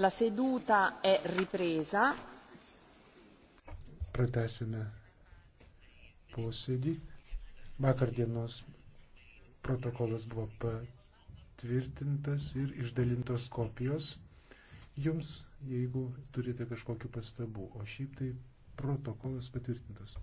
La seduta è ripresa. Pratesime posėdį. Vakar dienos protokolas buvo patvirtintas ir išdalintos kopijos jums, jeigu turite kažkokiu pastabu. O šiaip tai protokolas patvirtintas.